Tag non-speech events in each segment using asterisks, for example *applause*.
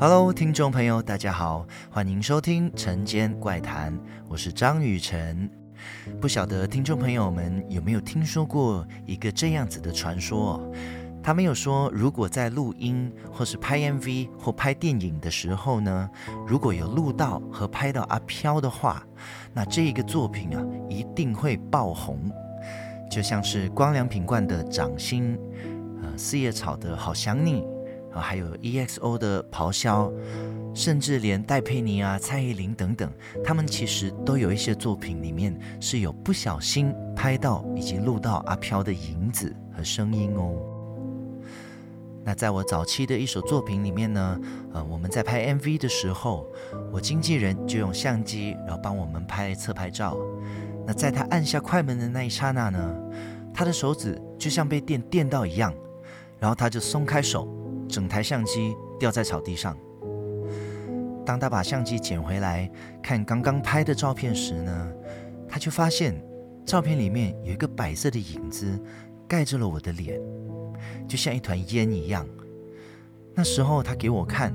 Hello，聽眾朋友，大家好，歡迎收聽《晨間怪談》，我是張雨晨。不曉得聽眾朋友們有沒有聽說過一個這樣子的傳說？他們有說，如果在錄音或是拍 MV 或拍電影的時候呢，如果有錄到和拍到阿飄的話，那這一個作品啊，一定會爆紅，就像是光良、品冠的《掌心》，呃，四葉草的《好想你》。還有 EXO 的咆哮，甚至連戴佩妮啊、蔡依林等等，他們其實都有一些作品裡面是有不小心拍到以及錄到阿飄的影子和聲音哦。那在我早期的一首作品裡面呢，呃，我們在拍 MV 的時候，我經紀人就用相機，然後幫我們拍側拍照。那在他按下快門的那一剎那呢，他的手指就像被電電到一樣，然後他就鬆開手。整台相機掉在草地上。當他把相機撿回來，看剛剛拍的照片時呢，他就發現照片裡面有一個白色的影子，蓋住了我的臉，就像一團煙一樣。那時候他給我看，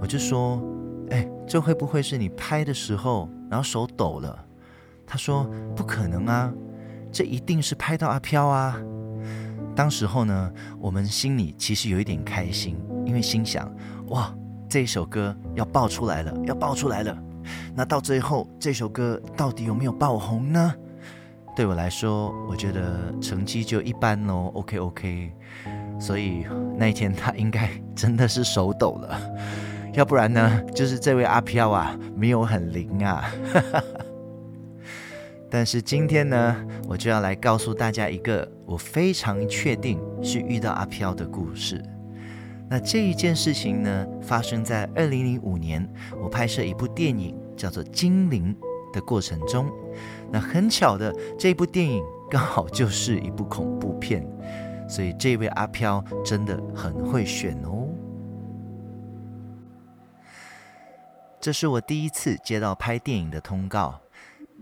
我就說：“哎，這會不會是你拍的時候，然後手抖了？”他說：“不可能啊，這一定是拍到阿飄啊。”當時候呢，我們心裡其實有一點開心，因為心想，哇，這一首歌要爆出來了，要爆出來了。那到最後，這首歌到底有沒有爆紅呢？對我來說，我覺得成績就一般咯、哦、OK OK，所以那一天他應該真的是手抖了，要不然呢，就是這位阿飄啊，沒有很靈啊。 *laughs* 但是今天呢，我就要來告訴大家一個我非常確定是遇到阿飄的故事。那這一件事情呢，發生在二零零五年，我拍攝一部電影叫做《精靈》的過程中。那很巧的，這部電影剛好就是一部恐怖片，所以這位阿飄真的很會選哦。這是我第一次接到拍電影的通告。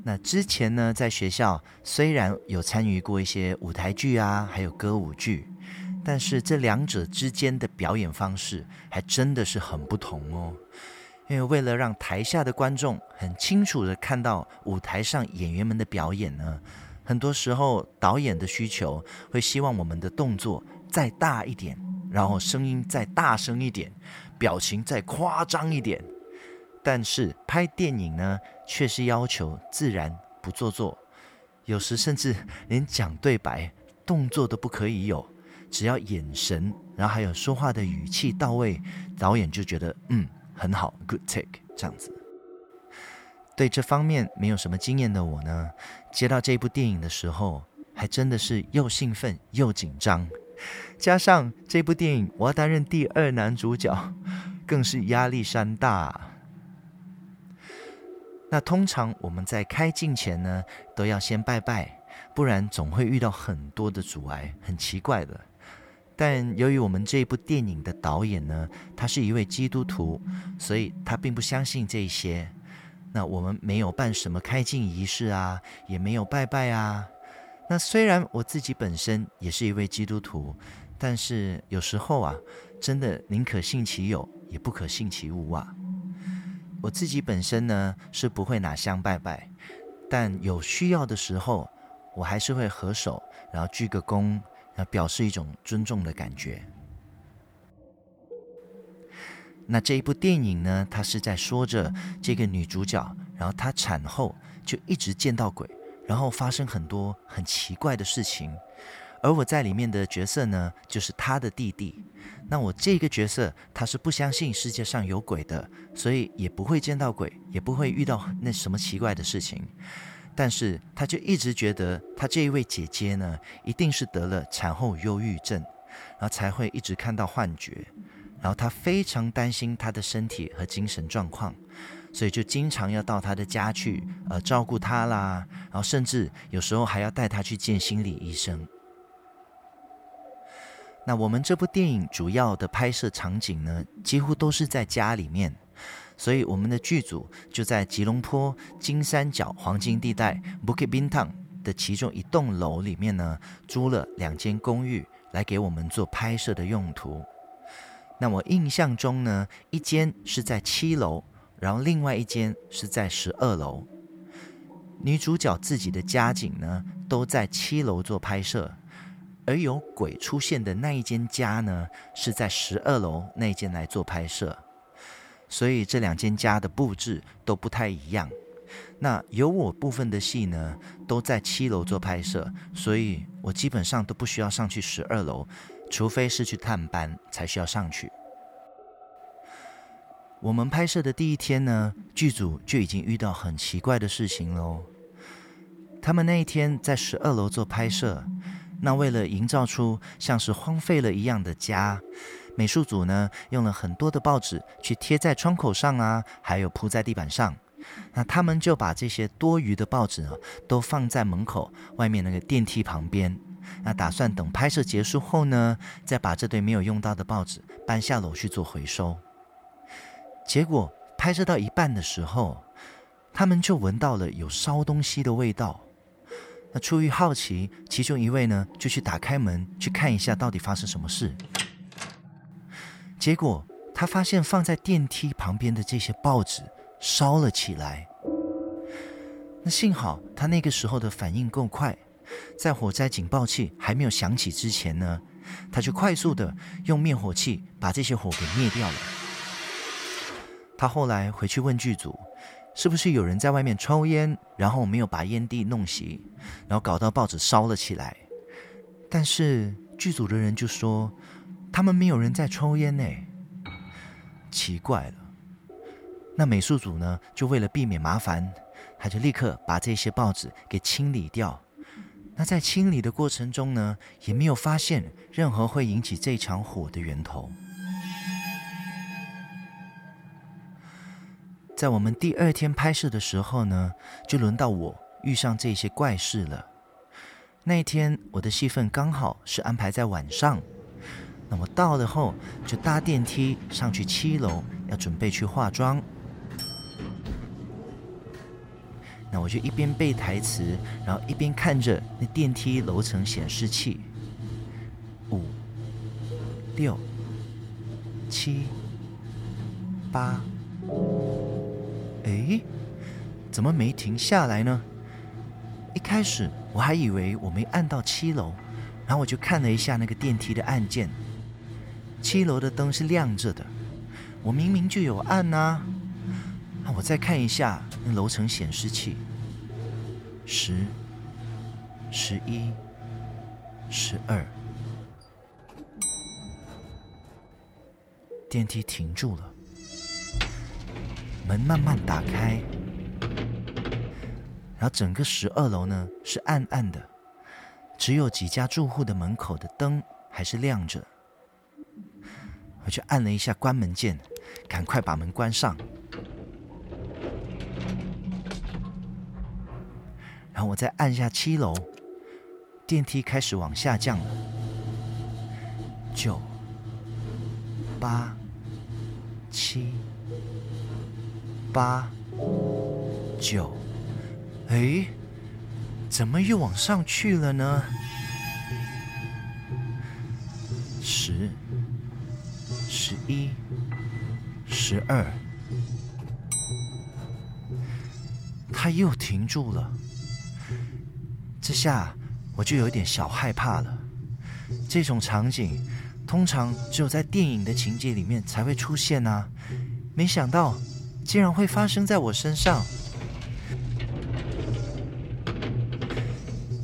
那之前呢，在學校雖然有參與過一些舞台劇啊，還有歌舞劇，但是這兩者之間的表演方式還真的是很不同哦。因為為了讓台下的觀眾很清楚的看到舞台上演員們的表演呢，很多時候導演的需求會希望我們的動作再大一點，然後聲音再大聲一點，表情再誇張一點。但是拍電影呢，卻是要求自然不做作，有時甚至連講對白、動作都不可以有，只要眼神，然後還有說話的語氣到位，導演就覺得嗯，很好，good take 這樣子。對這方面沒有什麼經驗的我呢，接到這部電影的時候，還真的是又興奮又緊張，加上這部電影我要擔任第二男主角，更是壓力山大。那通常我們在開鏡前呢，都要先拜拜，不然總會遇到很多的阻礙，很奇怪的。但由於我們這部電影的導演呢，他是一位基督徒，所以他並不相信這些。那我們沒有辦什麼開鏡儀式啊，也沒有拜拜啊。那雖然我自己本身也是一位基督徒，但是有時候啊，真的寧可信其有，也不可信其無啊。我自己本身呢，是不會拿香拜拜，但有需要的時候，我還是會合手，然後鞠個躬，然後表示一種尊重的感覺。那這一部電影呢，它是在說着這個女主角，然後她產後就一直見到鬼，然後發生很多很奇怪的事情。而我在裡面的角色呢，就是她的弟弟。那我這個角色，他是不相信世界上有鬼的，所以也不會見到鬼，也不會遇到那什麼奇怪的事情。但是，他就一直覺得他這一位姐姐呢，一定是得了產後憂鬱症，然後才會一直看到幻覺。然後他非常擔心她的身體和精神狀況，所以就經常要到她的家去，呃，照顧她啦。然後甚至有時候還要帶她去見心理醫生。那我們這部電影主要的拍攝場景呢，幾乎都是在家裡面，所以我們的劇組就在吉隆坡金三角黃金地帶 Bukit Bintang 的其中一棟樓裡面呢，租了兩間公寓來給我們做拍攝的用途。那我印象中呢，一間是在七樓，然後另外一間是在十二樓。女主角自己的家景呢，都在七樓做拍攝。而有鬼出現的那一間家呢，是在十二樓那一間來做拍攝，所以這兩間家的布置都不太一樣。那有我部分的戲呢，都在七樓做拍攝，所以我基本上都不需要上去十二樓，除非是去探班才需要上去。我們拍攝的第一天呢，劇組就已經遇到很奇怪的事情嘍。他們那一天在十二樓做拍攝。那為了營造出像是荒廢了一樣的家，美術組呢用了很多的報紙去貼在窗口上啊，還有鋪在地板上。那他們就把這些多餘的報紙啊，都放在門口外面那個電梯旁邊，那打算等拍攝結束後呢，再把這堆沒有用到的報紙搬下樓去做回收。結果拍攝到一半的時候，他們就聞到了有燒東西的味道。出於好奇，其中一位呢就去打開門，去看一下到底發生什麼事。結果他發現放在電梯旁邊的這些報紙燒了起來。那幸好他那個時候的反應夠快，在火災警報器還沒有響起之前呢，他就快速的用滅火器把這些火給滅掉了。他後來回去問劇組。是不是有人在外面抽煙，然後沒有把煙蒂弄熄，然後搞到報紙燒了起來？但是劇組的人就說他們沒有人在抽煙呢，奇怪了。那美術組呢，就為了避免麻煩，他就立刻把這些報紙給清理掉。那在清理的過程中呢，也沒有發現任何會引起這場火的源頭。在我們第二天拍攝的時候呢，就輪到我遇上這些怪事了。那天我的戲份剛好是安排在晚上，那我到了後就搭電梯上去七樓，要準備去化妝。那我就一邊背台詞，然後一邊看着那電梯樓層顯示器，五、六、七、八。誒，怎麼沒停下來呢？一開始我還以為我沒按到七樓，然後我就看了一下那個電梯的按鍵，七樓的燈是亮着的，我明明就有按吶。啊，那我再看一下那樓層顯示器，十、十一、十二，電梯停住了。門慢慢打開，然後整個十二樓呢，是暗暗的，只有幾家住戶的門口的燈還是亮着。我就按了一下關門鍵，趕快把門關上。然後我再按下七樓，電梯開始往下降了。九、八、七。八、九，誒，怎麼又往上去了呢？十、十一、十二，他又停住了。這下我就有點小害怕了。這種場景通常只有在電影的情節裡面才會出現啊，沒想到。竟然會發生在我身上！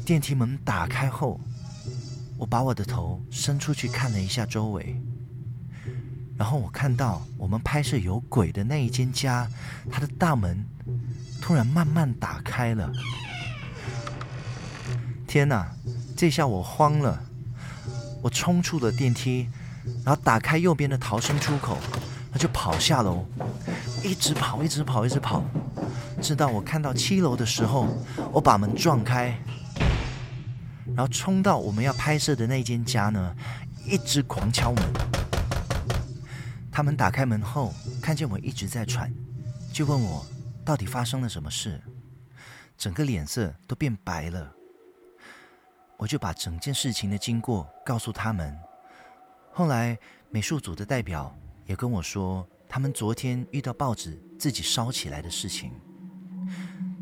電梯門打開後，我把我的頭伸出去看了一下周圍，然後我看到我們拍攝有鬼的那一間家，它的大門突然慢慢打開了。天哪！這下我慌了，我衝出了電梯，然後打開右邊的逃生出口，我就跑下樓。一直跑，一直跑，一直跑，直到我看到七樓的時候，我把門撞開，然後衝到我們要拍攝的那間家呢，一直狂敲門。他們打開門後，看見我一直在喘，就問我到底發生了什麼事，整個臉色都變白了。我就把整件事情的經過告訴他們。後來美術組的代表也跟我說。他們昨天遇到報紙自己燒起來的事情，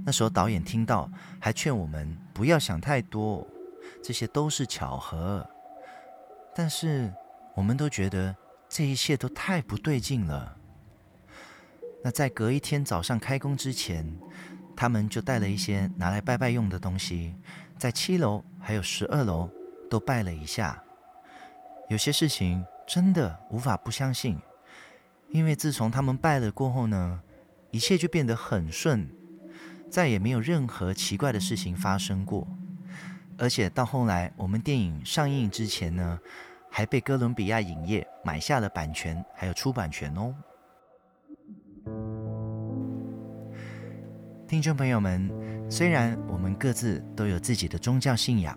那時候導演聽到還勸我們不要想太多，這些都是巧合。但是我們都覺得這一切都太不對勁了。那在隔一天早上開工之前，他們就帶了一些拿來拜拜用的東西，在七樓還有十二樓都拜了一下。有些事情真的無法不相信。因為自從他們拜了過後呢，一切就變得很順，再也沒有任何奇怪的事情發生過。而且到後來，我們電影上映之前呢，還被哥倫比亞影業買下了版權，還有出版權哦。聽眾朋友們，雖然我們各自都有自己的宗教信仰，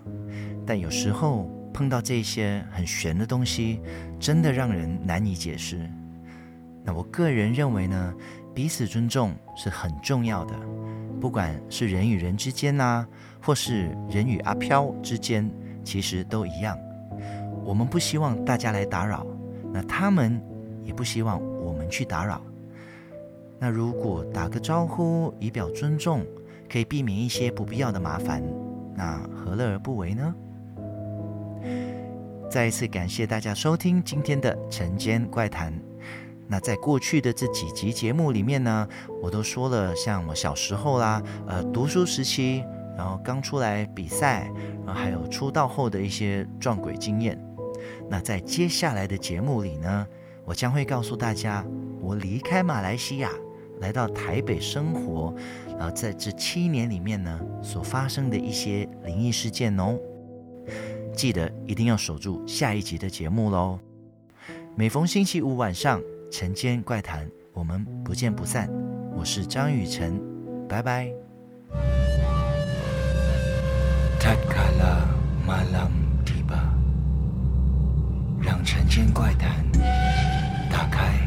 但有時候碰到這些很玄的東西，真的讓人難以解釋。那我個人認為呢，彼此尊重是很重要的，不管是人與人之間吶、啊，或是人與阿飄之間，其實都一樣。我們不希望大家來打擾，那他們也不希望我們去打擾。那如果打個招呼以表尊重，可以避免一些不必要的麻煩，那何樂而不為呢？再一次感謝大家收聽今天的辰間怪談。那在過去的這幾集節目裡面呢，我都說了，像我小時候啦，呃，讀書時期，然後剛出來比賽，然後還有出道後的一些撞鬼經驗。那在接下來的節目裡呢，我將會告訴大家我離開馬來西亞來到台北生活，然後在這七年裡面呢，所發生的一些靈異事件哦。記得一定要守住下一集的節目嘍，每逢星期五晚上。辰間怪談，我們不見不散。我是張雨晨，拜拜。讓辰間怪談打開。